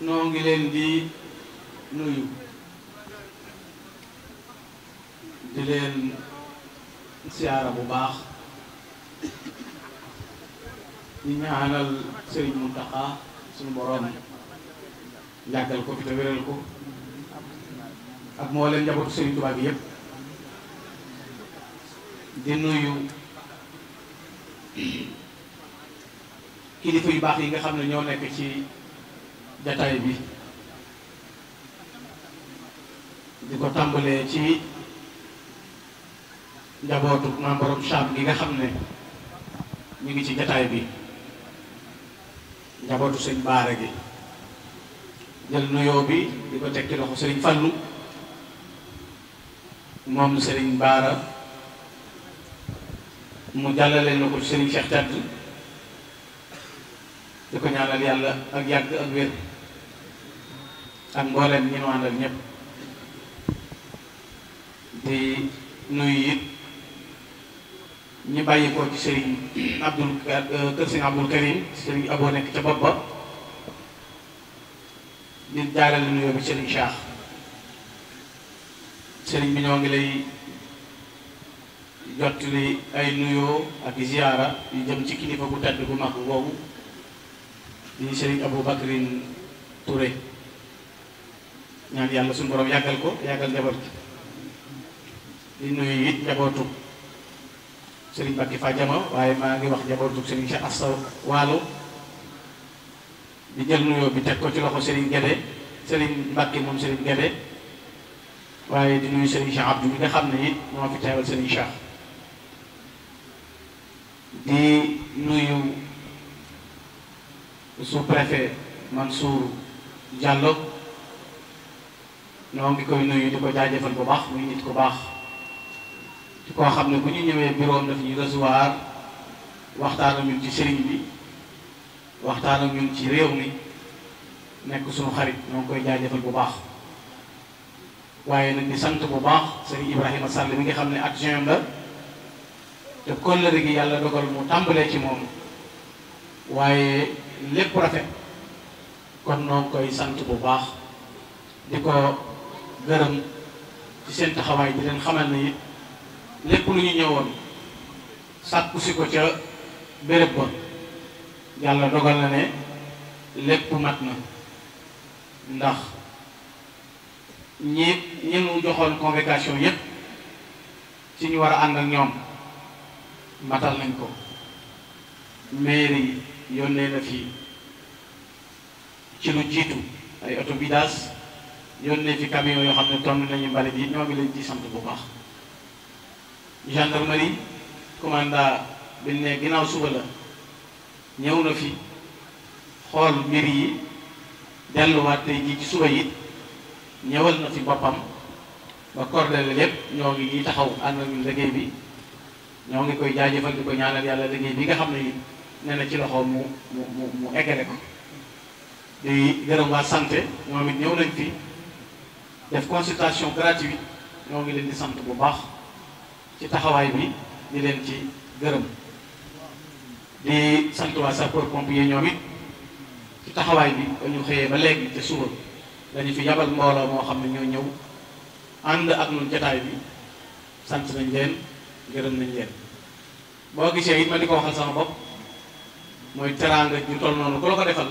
noo ngi leen di nuyu di leen siyaara bu baax di ñaanal Sëriñ Muntaxa suñu borom yàggal ko fi te wéral ko ak moo leen njabootu Sëriñ Tuubaa yépp di nuyu kilifa yu baax yi nga xam ne ñoo nekk ci jataay bi di ko tàmbalee ci njabootu maam borom Saam gi nga xam ne ñu ngi ci jataay bi njabootu sëñ baara gi jël nuyoo bi di ko teg ci loxo sëriñ Fallu moom sëriñ baara mu jàllale na ko sëriñ Cheikh Tade di ko ñaanal yàlla ak yàgg ak wér ak mboolem ñi nu àndal ñëpp di nuyu it ñi bàyyi ko sëriñ Abdul euh, kër sëriñ Abdul Karim sëriñ Abo nekk ca bopp ba di jaarale nuyoo bi sëriñ Cheikh sëriñ bi ñoo ngi lay jottali ay nuyoo ak ziyaara yu jëm ci kilifa bu tedd bu mag boobu di sëriñ Abou Bakrin Touré. ñaan yàlla suñ borom yàggal ko yàggal njaboot gi di nuyu it njabootu Serigne Bakki Fadiama waaye maa ngi wax njabootu Serigne Cheikh Assa Waalo ko ci loxo Serigne Guédé Serigne Mbacke moom Serigne Guédé waaye di nuyu Serigne Cheikh Abdou bi nga xam ne it moo fi teewal Serigne Cheikh di nuyu sous-préfet Mansour Diallo. ñoo ngi koy nuyu di ko jaajëfal bu baax muy nit ku baax di koo xam ne bu ñu ñëwee bureau am daf ñuy recevoir waxtaan ñun ci sëriñ bi waxtaan ak ñun ci réew mi nekk suñu xarit ñoo ngi koy jaajëfal bu baax waaye nag di sant bu baax sëriñ Ibrahima Sall mi ngi xam ne adjoint la te kóllëre gi yàlla dogal mu tàmbalee ci moom waaye lépp rafet kon noo koy sant bu baax di ko gërëm ci seen taxawaay di leen xamal ne lépp lu ñu ñëwoon sàkku si ko ca béréb bon yàlla dogal na ne lépp mat na ndax ñi ñi mu joxoon convocation yépp ci ñu war a ànd ak ñoom matal nañ ko mairie yónnee na fi ci lu jiitu ay oto yónnee fi camion yoo xam ne tonn nañu mbalit yi ñoo ngi leen ci sant bu baax gendarmerie commandant bi ne ginnaaw suba la ñëw na fi xool mbir yi delluwaat tey jii ci suba yi ñëwal na fi boppam ba coordonné lépp ñoo ngi ñuy taxaw ànd ak ñun bi ñoo ngi koy jaajëfal di ko ñaanal yàlla liggéey bi nga xam ne ni na ci loxo mu mu mu eggale ko di gërëm waa santé moom it ñëw nañ fi def consultation gratuite ñoo ngi leen di sant bu baax ci taxawaay bi di leen ci gërëm di sant waa sapeur pompier ñoom it ci taxawaay bi ba xëyee ba léegi te suba dañu fi yabal mbooloo moo xam ne ñoo ñëw ànd ak ñun jotaay bi sant nañ leen gërëm nañ leen boo gisee it ma di ko waxal sama bopp mooy teraanga ñu toll noonu ku la ko defal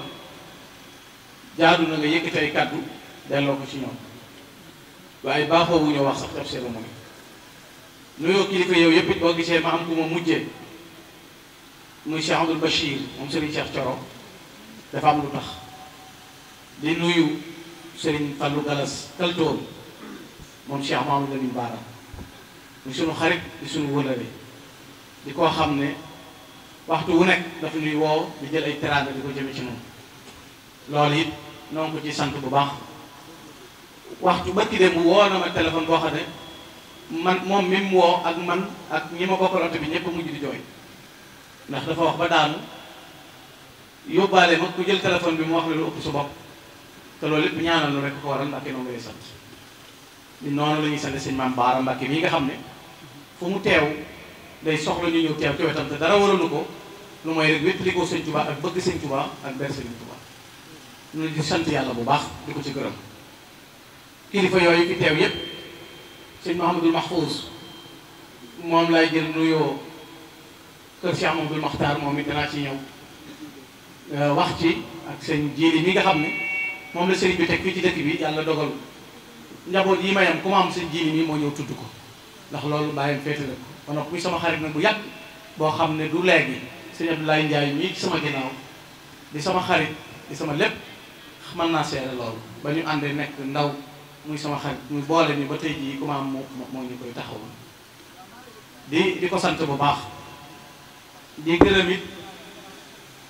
jaadu na nga yëkkati ay kàddu delloo ko ci ñoom waaye baaxoo wu ñu wax sax def cérémonie nuyoo kilifa yow yëpp it boo gisee ma am ku ma mujjee muy Cheikh Abdoul Bachir moom Serigne Cheikh Thioro dafa am lu di nuyu Serigne Fallou Galas Kaltoon moom Cheikh Mamadou Lamine Bara muy sunu xarit di sunu wëlale di koo xam waxtu wu nekk dafa nuy woo di jël ay teraanga di ko jëme ci moom loolu it noo ngi ko ci sant bu baax. wax ba ci dem woo na ma boo xam ne man moom mi mu woo ak man ak ñi ma bokkal bi ñëpp mujj di jooy ndax dafa wax ba daal yóbbaale ma ku jël téléphone bi mu wax ne lu ëpp su bopp te loolu lépp ñaanal lu rek ko waral Mbàkke sant nga xam ne fu mu teew day soxla ñu ñëw dara waralu ko lu mooy rek wépp sëñ Tuubaa ak bëgg sëñ Tuubaa ak ber sëñ Tuubaa sant yàlla bu baax di ko ci gërëm kilifa yooyu fi teew yépp sëñ Mahamadul Mahfouz moom lay jël nuyoo kër Cheikh Mahamadul Maxtaar moom danaa ci ñëw euh, wax ci ak sëñ jiili mi nga xam ni moom la sëriñ bi teg fii ci dëkk bi yàlla dogal njaboot yi mayam ku ma am sëñ jiili mi moo ñëw tudd ko ndax loolu bàyyam féete la ko kon muy sama xarit nag bu yàgg boo xam ne du léegi sëñ Abdoulaye Ndiaye mii ci sama ginnaaw di sama xarit di sama lépp man naa seere loolu ba ñu àndee nekk ndaw muy sama xarit mu boole ñu ba tey jii ku ma am moo moo ñu koy taxaw di di ko sant bu baax di gërëm it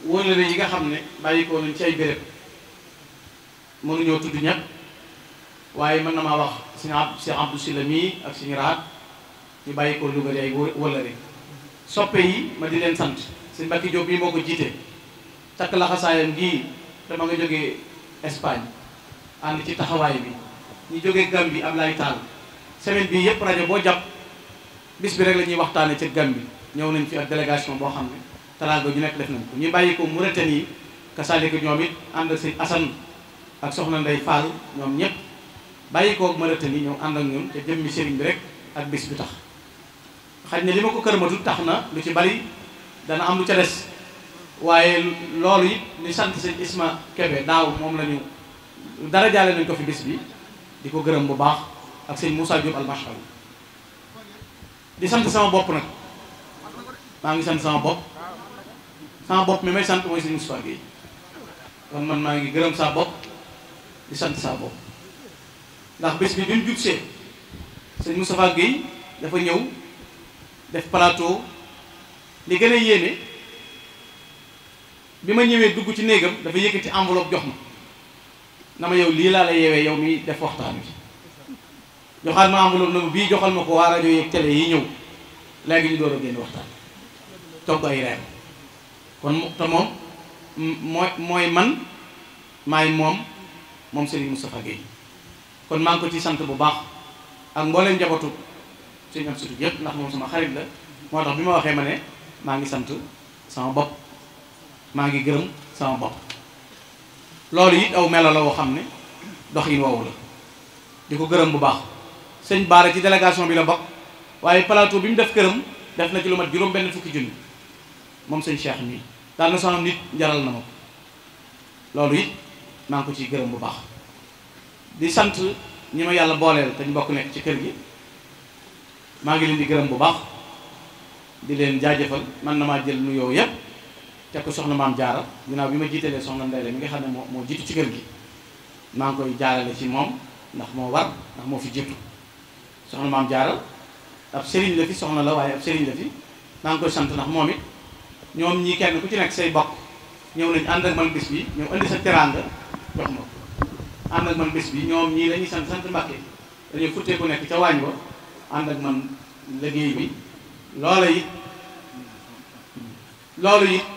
wóllëre yi nga xam ne bàyyi ko nañ ci ay béréb mënuñoo tudd ñëpp waaye mën na ma wax si ab si Abdou Sylla mii ak suñu raat ñu bàyyi ko Louga di ay wóllëre soppe yi ma di leen sant si Mbacke Diop bii moo ko jiite takk laxasaayam gii dama nga jógee Espagne ànd ci taxawaay bi ñu gambi Gambie Ablaye Tall semaine bii yépp radio bo japp bis bi rek lañuy waxtané ci gambi ñew nañ fi ak délégation bo xamné ne go ju nekk def nañ ko ñi bayiko ko Mauritanie yi kasaalika ñoom it ànd ak seigne Assane ak soxna Ndey Fall ñoom ñëpp bàyyi ko Mauritanie ñew and ak ñun te jëmmi sëriñ bi rek ak bis bi tax xajna lima ko kër matul tax na lu ci bari dana am lu ci dess waye lolu it ni sante seigne Isma Kebe daaw mom lañu dara jale nañ ko fi bis bi di ko gërëm bu baax ak sëñ Moussa Diop almashal di sant sama bopp nag maa ngi sant sama bopp sama bopp mi may sant mooy sëñ Moussa Gueye kon man maa ngi gërëm saa bopp di sant saa bopp ndax bés bi bi mu jugsee sëñ Moustapha Guèye dafa ñëw def plateau li gën a yéene bi ma ñëwee dugg ci néegam dafa yëkkati enveloppe jox ma na ma yow lii laa la yeewee yow mi def waxtaan bi joxaat ma enveloppe na bii joxal ma ko waa rajo yëpp télé yi ñëw léegi ñu door a génn waxtaan togg ay reer kon te moom mooy mooy man maay moom moom Serigne Moustapha Guèye kon maa ngi ko ci sant bu baax ak mbooleem njabootu Serigne Amsatou yëpp ndax moom suma xarit la moo tax bi ma waxee ma ne maa ngi sant sama bopp maa ngi gërëm sama bopp loolu it aw melo la woo xam ne doxin woowu la di ko gërëm bu baax sëñ Baara ci délégation bi la bokk waaye plateau bi mu def këram def na ci lu mat juróom-benn fukki junni moom sëñ Cheikh mii daal na nit njaral na ma ko loolu it maa ngi ko ciy gërëm bu baax di sant ñi ma yàlla booleel te ñu bokk nekk ci kër gi maa ngi leen di gërëm bu baax di leen jaajëfal man na maa jël nuyoo yépp teg ko soxna maam jaara ginnaaw bi ma jiitalee soxna Ndeye mi nga xam ne moo moo jiitu ci kër gi maa ngi koy jaarale ci moom ndax moo war ndax moo fi jiitu soxna maam jaara ab sëriñ la fi soxna la waaye ab sëriñ la fi maa koy sant ndax moom it ñoom ñii kenn ku ci nekk say bokk ñëw nañu ànd ak man bis bi ñëw indi sa teraanga jox ma ànd bi ñoom ñii dañuy sant sant Mbàkke dañuy futtee ku nekk ca waañ wa ànd ak man liggéey bi loola it loolu it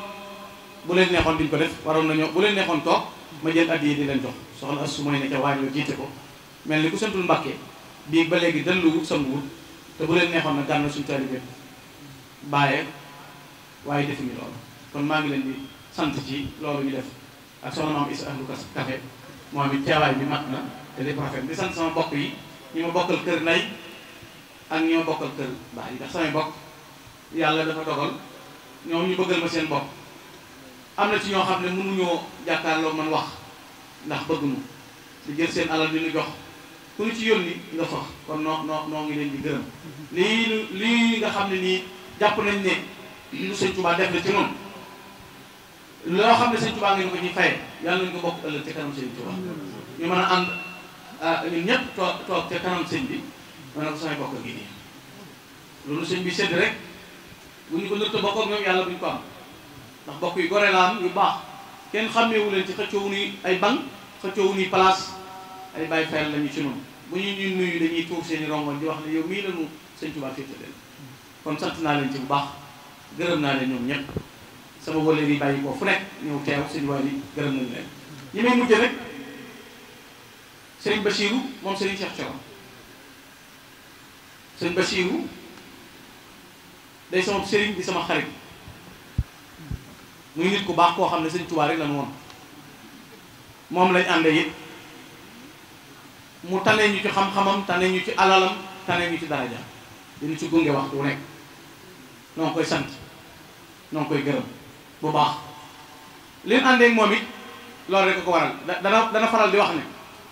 bu leen neexoon diñ ko def waroon nañoo bu leen neexoon toog ma jël at yi di leen jox soxna Astou mooy ne ca wa jiite ko mel ni ku santul Mbàkke bii ba léegi delluwut sanguwut te bu leen neexoon nag gànna suñu taalibe bàyyee waaye defuñu loolu kon maa ngi leen di sant ci loolu ñu def ak soxna maam Issa Ahlu Café moom it teewaay bi mat na te lépp rafet di sant sama bokk yi ñi ma bokkal kër nay ak ñi bokkal kër baay yi ndax samay bokk yàlla dafa dogal ñoom ñu bëggal ma seen bopp am na ci ñoo xam ne mënuñoo jàkkaarloo man wax ndax bëgguñu di jël seen alal di ñu jox ku ñu ci yónni nga fax kon noo noo noo ngi leen di gërëm lii lii nga xam ne nii jàpp nañ ne lu sëñ Tuubaa def na ci noonu loo xam ne sëñ Tuubaa ngeen ko ci yàlla nañu ko bokk ëllëg ca kanam sëñ Tuubaa ah, bi ma ne loolu sëñ bi sedd rek bu ñu ko lëtt bokk ak ñoom yàlla bu ñu ko am ndax mbokk yi gore la am yu baax kenn xàmmeewu leen ci wu ni ay banc xëccoowu ni place ay bàyyi fayal lañu ci noonu bu ñu ñuy nuyu dañuy tuur seen i rongoñ di wax ne yow mii lañu sëñ Tuubaa féete leen kon sant naa leen ci bu baax gërëm naa leen ñoom ñëpp sama wële yi bàyyi ko fu nekk ñëw teew sëñ waay yi gërëm nañu leen ñi may mujj rek sëriñ Bachirou moom sëriñ Cheikh Thioro sëriñ Bachirou day sama sëriñ di sama xarit muy nit ku baax koo xam ne sëñ Tuubaa rek la ñu woon moom lañ ànde it mu tane ñu ci xam-xamam tane ñu ci alalam tane ñu ci daraja dinu ci gunge waxtu nekk noo ngi koy sant noo ngi koy gërëm bu baax liñ moom it loolu rek ko dana faral di wax ne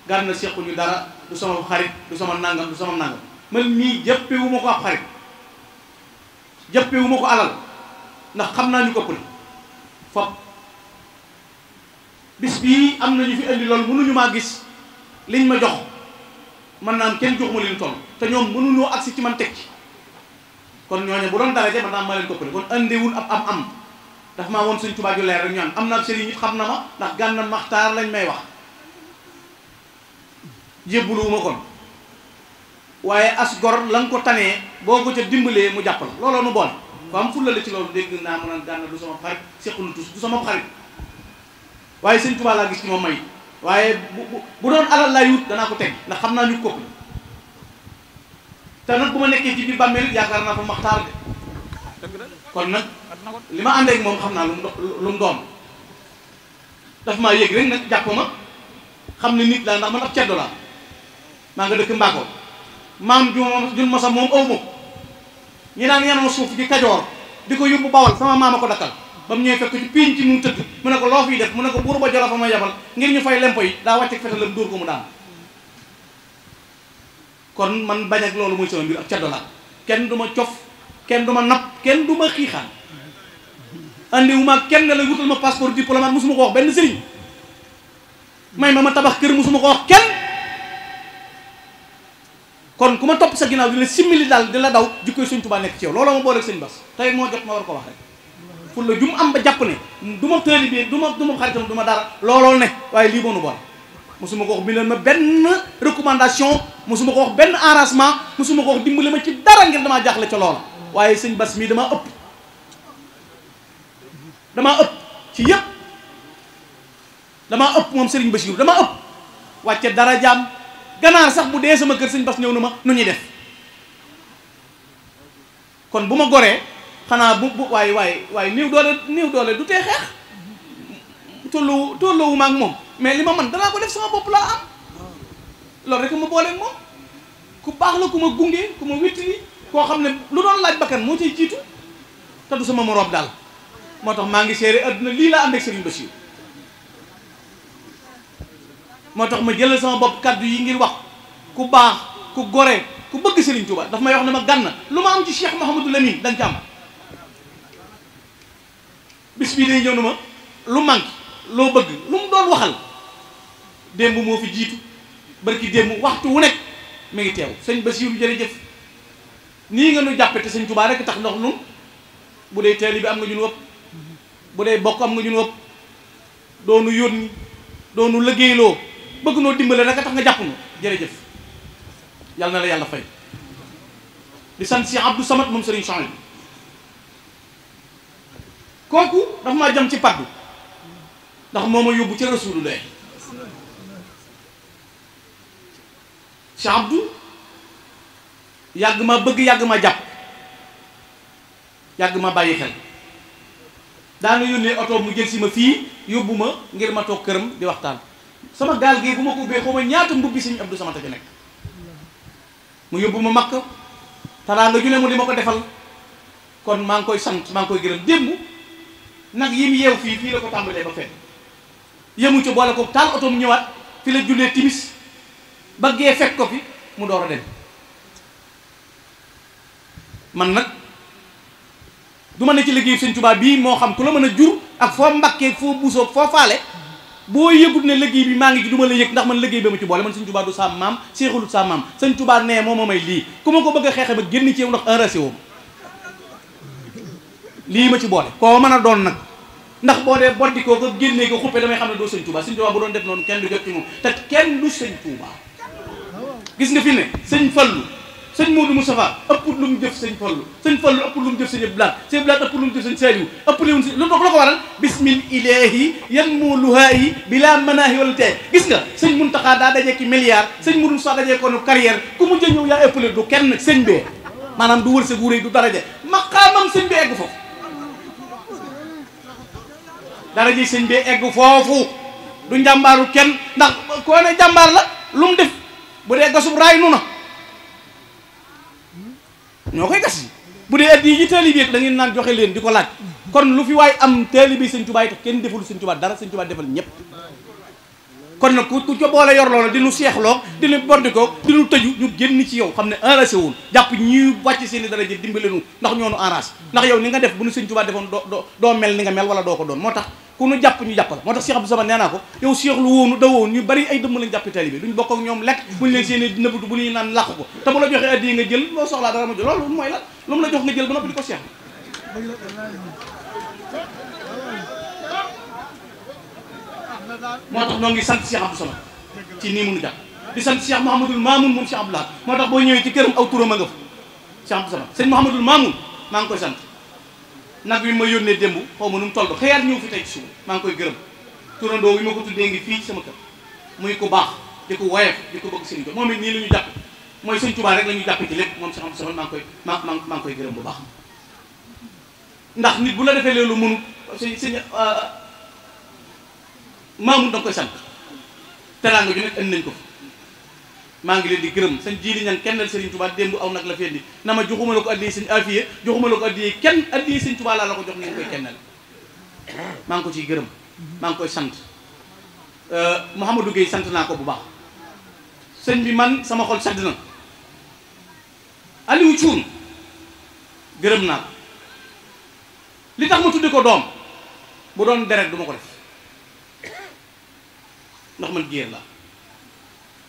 gàr na sequ ñu dara du sama xarit du sama nangam du sama nangam man mii jëppewu ma ko ab xarit jëppewu ko alal ndax xam naa ñu ko pël fop bis bi am nañu fi andi lol mënuñu ma gis liñ ma jox man naam kenn jox ma leen toll te ñom mënuñoo aksi ci man tekki kon ñoñu bu doon daraje man naam ma leen koppale kon andiwul wul am am daf ma won señtu tubaab ju leer ñaan am na señ yi xam na ma ndax ganna maxtar lañ may wax jébbuluwuma kon waye as gor ko tané boko ca dimbalee mu la lolo nu bon ko am fulla la ci loolu dégg naa mu naan gànna du sama xarit sequnu tus du sama xarit waaye sëñ Tuubaa laa gis ci ma may waaye bu bu doon alal laay wut danaa ko teg ndax xam naa ñu kopp te nag bu ma nekkee ci biir bàmmeel yaakaar naa fa maxtaar de kon nag li ma àndeek moom xam naa lu mu lu mu doon daf maa yëg rek nag jàpp ma xam ne nit laa ndax man ab ceddo laa maa nga dëkk Mbacko maam ju ma jun ma sax moom aw ñi daan yan ma suuf di di ko bawal sama mama ko dakal bam mu fekk ci pinci mu tëdd mu ne ko lo fi def mu ne ko buru ba fa ma yabal ngir ñu fay fetalam dur ko mu daan kon man bañ ak lolu muy sama mbir ak ciadola ken duma ciof ken duma nap ken duma xixal andi wuma kenn la wutul ma passeport diplomate musuma ko wax ben serigne may ma ma tabax keur musuma ko wax ken kon ku ma topp sa ginnaaw di la simmili daal di la daw jikkoy Sëñ Tuubaa nekk ci yow looloo ma boole ak sëñ Bass tey moo jot ma war ko wax rek pour jum am ba jàpp ne du ma taalibe du ma du ma xaritam du ma dara looloo ne waaye lii moo nu boole mosuma ko wax bindal ma benn recommandation mosuma ko wax benn arrangement mosuma ko wax dimbali ma ci dara ngir damaa jaaxle ca loola waaye sëñ bas mii damaa ëpp damaa ëpp ci yëpp damaa ëpp moom Serigne Bassirou damaa ëpp wàcce dara jaam ganar sax bu dé sama kër sëñ bas ñëw nu ñi def kon buma goré xana bu bu way way niw doole niw doole du tee xeex tolu tolluwu ma ak mom mais lima man dama ko def sama bop la am lool rek ma bolé mom ku bax la ku ma gunge ku ma wittili ko xamné lu doon laaj bakkan mo ci jitu ta du sama moroom dal motax ma ngi séré aduna li la am ak Serigne bassir moo tax ma jëlal sama bopp kàddu yi ngir wax ku baax ku gore ku bëgg Serigne Touba daf may wax ne ma gànn lu ma am ci Cheikh Mouhamadou Lamine dañ ca am bis bii day ñëw ma lu manqué loo bëgg lu mu doon waxal démb moo fi jiitu barki démb waxtu wu nekk mi ngi teew sëñ Basiiru jëf nii nga nu jàppe te sëñ Touba rek tax ndox nun bu dee teeli bi am nga ñun wëpp bu dee bokk am nga ñun wëpp doonu yónni doonu liggéeyloo bëgg noo dimbale naka tax nga japp jàpp nu jëf yalla na la yalla fay di sant ci Abdou Samad mom Serigne Chouaib koku dafa ma jëm ci paddu ndax moma yobbu ci ca Rasulullah si Abdou yag ma bëgg yag ma japp yag ma bayyi xel daana yone auto mu jël ci ma fi yobuma ngir ma tok kërëm di waxtaan sama gaal gii bu ma ko ubbee xaw ma ñaata mbubbi sëñ Abdou Samata ci nekk mu yóbbu ma makk taraanga ju ne mu di ma ko defal kon maa ngi koy sant maa ngi koy gërëm démb nag yi mu yeew fii fii la ko tàmbalee ba fenn yemu ci boole ko taal oto mu ñëwaat fi la jullee timis ba gee fekk ko fi mu door a dem man nag du ma ne ci liggéeyu sëñ Tuubaa bii moo xam ku la mën a jur ak foo mbakkee foo buusoo foo faale boo yëgut ne liggéey bi maa ngi ci la yëg ndax man liggéey bi ma ci boole man sëñ Tuubaa du sa maam seexulut sa maam nee moo ma may lii ku ma ko bëgg a xeexe ba génn ci yow ndax enracé woo lii ma ci boole koo mën a doon nag ndax boo dee boddi koo ko génnee ko xuppe damay xam ne doo sëñ Tuubaa sëñ Tuubaa bu doon def noonu kenn du jot ci moom te kenn du sëñ Tuubaa gis nga fi ne sëñ Fallu sëñ Modou Moustapha ëpp lu mu jëf sëñ Fallu sëñ Fallu ëpp lu mu jëf sëñ Blaat sëñ Blaat ëpp lu mu jëf sëñ Saliou ëpp lu mu si lu ko waral bismil ilahi yan muuluhaa yi bila manaahi wala tee gis nga sëñ Muntaxa daa dajee ki milliard sëñ Modou Moustapha dajee ko nu carrière ku mujj ñëw yaa ëppale du kenn sëñ bee maanaam du wërsëg wu rëy du daraja maqaamam sëñ bi egg foofu daraja sëñ bi egg foofu du njàmbaaru kenn ndax koo ne jàmbaar la lu mu def bu dee gasub raay nu na ñoo koy gas bu dee addi yi taalibe yi ngeen naan joxe leen di ko laaj kon lu fi waay am taalibe sëñ Tuubaa yi tax kenn deful sëñ Tuubaa dara sëñ Tuubaa defal ñëpp kon nag ku ku ca boole yor loola di nu seexloo di nu bordikoo di nu tëju ñu génn ci yow xam ne enragé woon jàpp ñuy wàcc seen i dara ji dimbale nu ndax ñoo nu enragé ndax yow ni nga def bu nu sëñ Tuubaa defoon doo doo mel ni nga mel wala doo ko doon moo tax ku nu jàpp ñu jàpp la moo tax Cheikh Abdou Samad nee naa ko yow Cheikh lu wóonu da wóonu ñu bari ay dëmm lañ jàppe taalibe duñ bokk ak ñoom lekk buñ leen seen i bu ñuy naan làqu ko te bu la joxee addiya nga jël loo soxlaa dara ma jël loolu mooy la lu mu la jox nga jël ba noppi di ko Cheikh moo tax ñoo ngi sant Cheikh Abdou Samad ci nii mënu jàpp di sant Cheikh Mouhamadul Mamoun moom Cheikh Abdoulaye moo tax boo ñëwee ci këram aw turam a nga fa Cheikh Abdou Samad sëñ Mouhamadul Mamoun maa ngi koy sant nag wi ma yónnee démb xaw ma nu mu toll ba xëyaat ñëw fi tey ci maa ngi koy gërëm turandoo yi ma ko tuddee ngi fii sama kër muy ku baax di ko woyef di ko bëgg sëñ bi moom it nii la ñu jàpp mooy sëñ Tuubaa rek la ñu jàpp ci lépp moom sax am sama maa ngi koy maa maa ngi koy gërëm bu baax ndax bu la defee loolu mënu sëñ sëñ ah, maamu da nga koy sant teraanga ju nekk indi nañ ko fi maa ngi leen di gërëm sëñ jiili ñan kennal sëriñ Tuubaa démb aw nag la fendi na ma joxuma la ko addiyee sëñ afiye joxuma la ko addiyee kenn addiyee sëñ Tuubaa laa la ko jox ngeen koy kennal ngi ko ciy gërëm maa ngi koy sant euh, Mouhamadou Gueye sant naa ko bu baax sëñ bi man sama xol sedd na Aliou Thioune gërëm naa ko li tax ma tudde ko doom bu doon deret du ma ko def ndox man géer la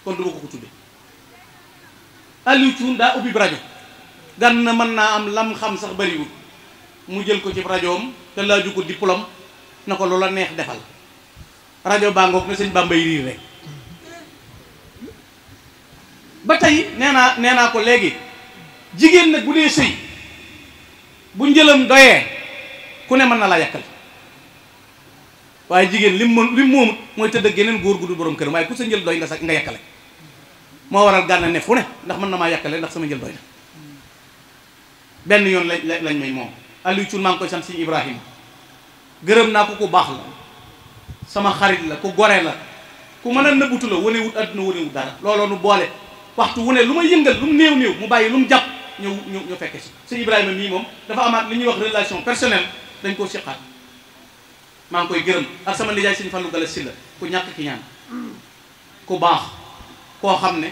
kon du ko ko tudde Aliou Thioune da ubi radio gan na man na am lam xam sax wut mu jël ko ci am te la ko diplôme nako lola neex defal radio bangok na seigne bambay jigen rek ba tay neena neena ko legui jigen nak budé sey bu njëlam doyé ku ne man na la yakal waye jigen lim lim geneen goor borom keur waye ku sa ñël doy nga sax nga moo waral gànna ne fu ne ndax mën na maa yàkkale ndax sama njël doy na benn yoon lañ lañ may moom Aliou Thioune maa ngi koy sant si Ibrahima gërëm naa ko ku baax la sama xarit la ku gore la ku mën a nëbbutu la wane wut àdduna looloo nu boole waxtu lu ma yëngal lu mu néew néew mu bàyyi lu mu jàpp ñëw ñëw fekke si sëñ Ibrahima mii moom dafa amaat li ñuy wax relation personnel dañ koo siqaat maa ngi koy gërëm ak sama nijaay sëñ Fallou Gala Sylla ku ñàkk ki ñaan ku baax koo xam ne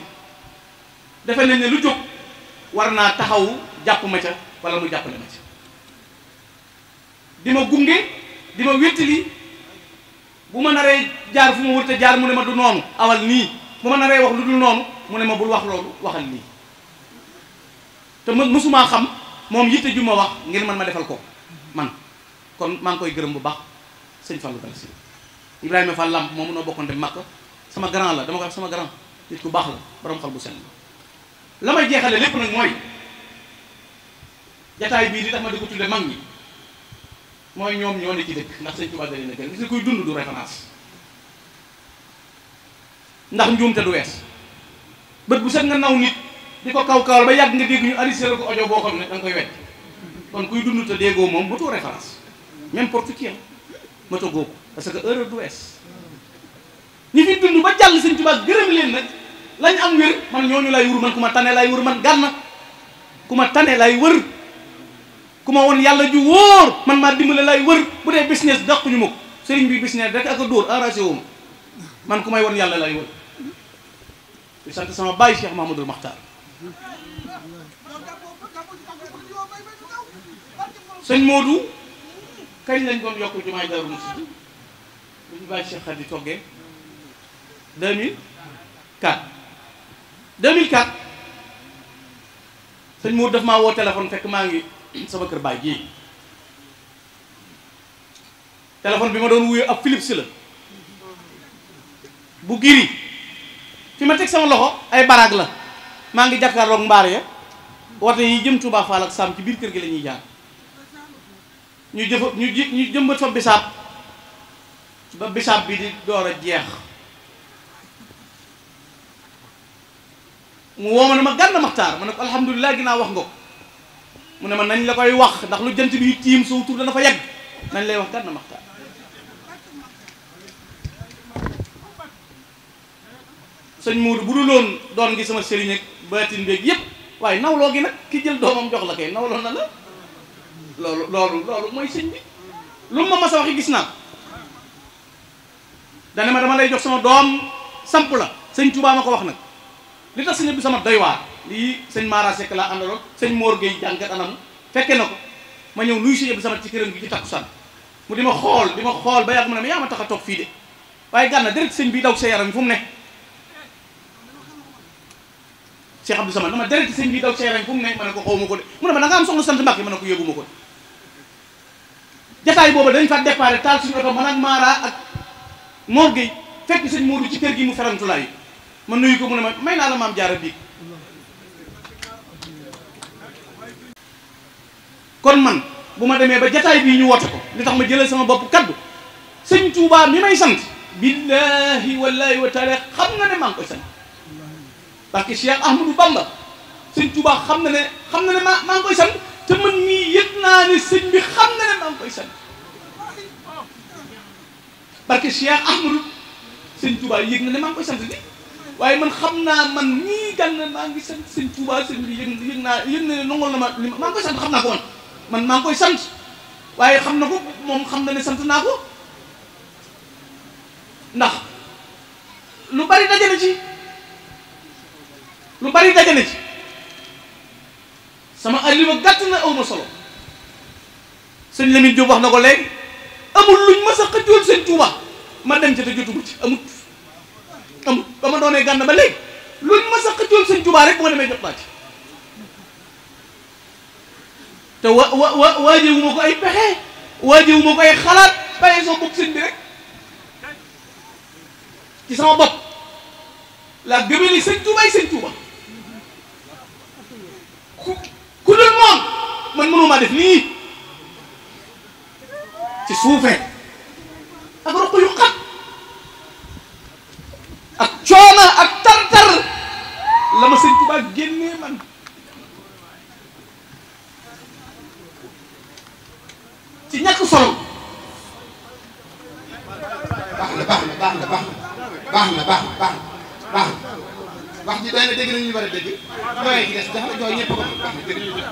defe nañ ne lu jóg war naa taxawu jàpp ma ca wala mu jàppale ma ca di ma gunge di ma wéttali bu ma naree jaar fu ma wërta jaar mu ne ma du noonu awal nii bu a naree wax lu dul noonu mu ne ma bul wax loolu waxal nii te man mësumaa xam moom yitte ju ma wax ngir man ma defal ko man kon maa ngi koy gërëm bu baax sëñ Fallou Gallas Ibrahima Fall Lamp moom noo bokkoon dem Makka sama grand la dama koy wax sama grand nit ku bax la borom xol bu sen la may jeexale lépp nag mooy jataay bii li tax ma di ko tudde mag ni moy ñom ñoo ni ci dekk ndax señ tuba dalee na gën gis nga dund du référence ndax njum te du wess beut bu set nga naw nit diko kaw kaw ba yag nga deg ñu arrêté ko audio bo xamne dang koy wet kon kuy dund te dego mom bu too référence même pour tout qui mato goko parce que erreur du wess ñi fi dund ba jàll sëñ Tuubaa gërëm leen nag lañ am wér man ñooñu lay wër man ku ma tane lay wër man gànna ku ma tane lay wër ku ma woon yàlla ju wóor man maa dimbale lay wër bu dee business dàquñu ma ko sëriñ bi business rek ak a dóor arrangé wu ma man ku may woon yàlla lay wër sant sama bàyyi Cheikh Mahmoudul Makhtar sëñ Modou kañ lañ doon yokk jumaay Daaru Muxti bu ñu bàyyi Cheikh Khady toggee 2004 2004 sëñ Mour daf maa woo téléphone fekk maa ngi sama kër baay ji téléphone bi ma doon wuyu ab Philips la bu giri fi ma sama loxo ay baraag la maa ngi jàkkaarloog mbaar ya wate yi jëm Touba Fall ak Sam ci biir kër gi la ñuy jaar ñu ñu jëmbat fa ba bi di jeex mu woo ma ne ma gànn maxtaar ma ko alhamdullilah gina wax ngok ko mu ne nañ la koy wax ndax lu jant bi tim, soo tour dana fa yegg nañ lay wax gànn maxtaar señ Mourou bu dul doon gi sama serigne batin baatin yep way nawlo gi nak ki jël domam jox la kay nawlo na la lolu lolu lolu moy señ bi lu ma ma sa waxi gis na dane ma dama lay jox sama dom samp la sëñ Tuubaa wax nak li tax sëñ Abdou sama doy lii sëñ Mara Seck laa àndaloon sëñ Mor Gueye jàngat anam fekke na ko ma ñëw nuyu sëñ Abdou Samad ci këram gi ci takkusaan mu di ma xool di ma xool ba yàgg mu ne ma yaa a toog fii de waaye gànna deret sëñ bi daw sa yaram fu mu ne Cheikh Abdou Samad dama deret sëñ bi daw sa yaram fu mu ne ma ne ko xaw ma ko de mu ne ma da am soxla sant Mbàkke ma ne ko yóbbu ma ko de jataay booba dañ fa déparé taal suñu oto man ak Mara ak Mor Gueye fekk sëñ Modou ci kër gi mu ferantulaay ma nuyu ko mu ne may naa la maam jaara biig kon man bu ma demee ba jataay bii ñu woote ko li tax ma jëlal sama bopp kaddu sëñ Tuubaa mi may sant billahi wallahi wa taala xam na ne maa ngi koy sant parce que Cheikh Ahmadou Bamba sëñ Tuubaa xam na ne xam na ne maa maa ngi koy sant te man mii yëg naa ne sëñ bi xam na ne maa ngi koy sant parce que Cheikh Ahmadou sëñ Tuubaa yëg na ne maa ngi koy sant waaye man xam naa man nii gànn maa ngi sant sëñ Tuubaa sëñ yëg yëg naa yëg na nangol na ma li maa ngi koy sant xam naa ko man man maa ngi koy sant waaye xam na moom xam na ne sant naa ko ndax lu bari dajale ci lu bari dajale ci sama allima gàtt na aw ma solo sëñ Lamine Diop wax na ko léegi amul luñ ma sa xëccool sëñ Tuubaa ma dem te jotugu ci amut am ba ma doonee gànn ba léegi luñ ma sax xëccoon sëñ Tuubaa rek bu ma demee jot naa ci wa wa wa waajewu ma ko ay pexe waajewu ma ko ay xalaat bàyyi soo bopp sëñ bi rek ci sama bopp laa gëmee ni sëñ ay sëñ Tuubaa ku ku dul moom man def nii ci suufee baax na baax na baax na baax na wax ji doy na dégg nañu ñu war a dégg jooyee ci des dafa jooy ñëpp ko baax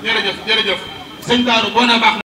na jërëjëf jërëjëf sëñ Darou boo na baax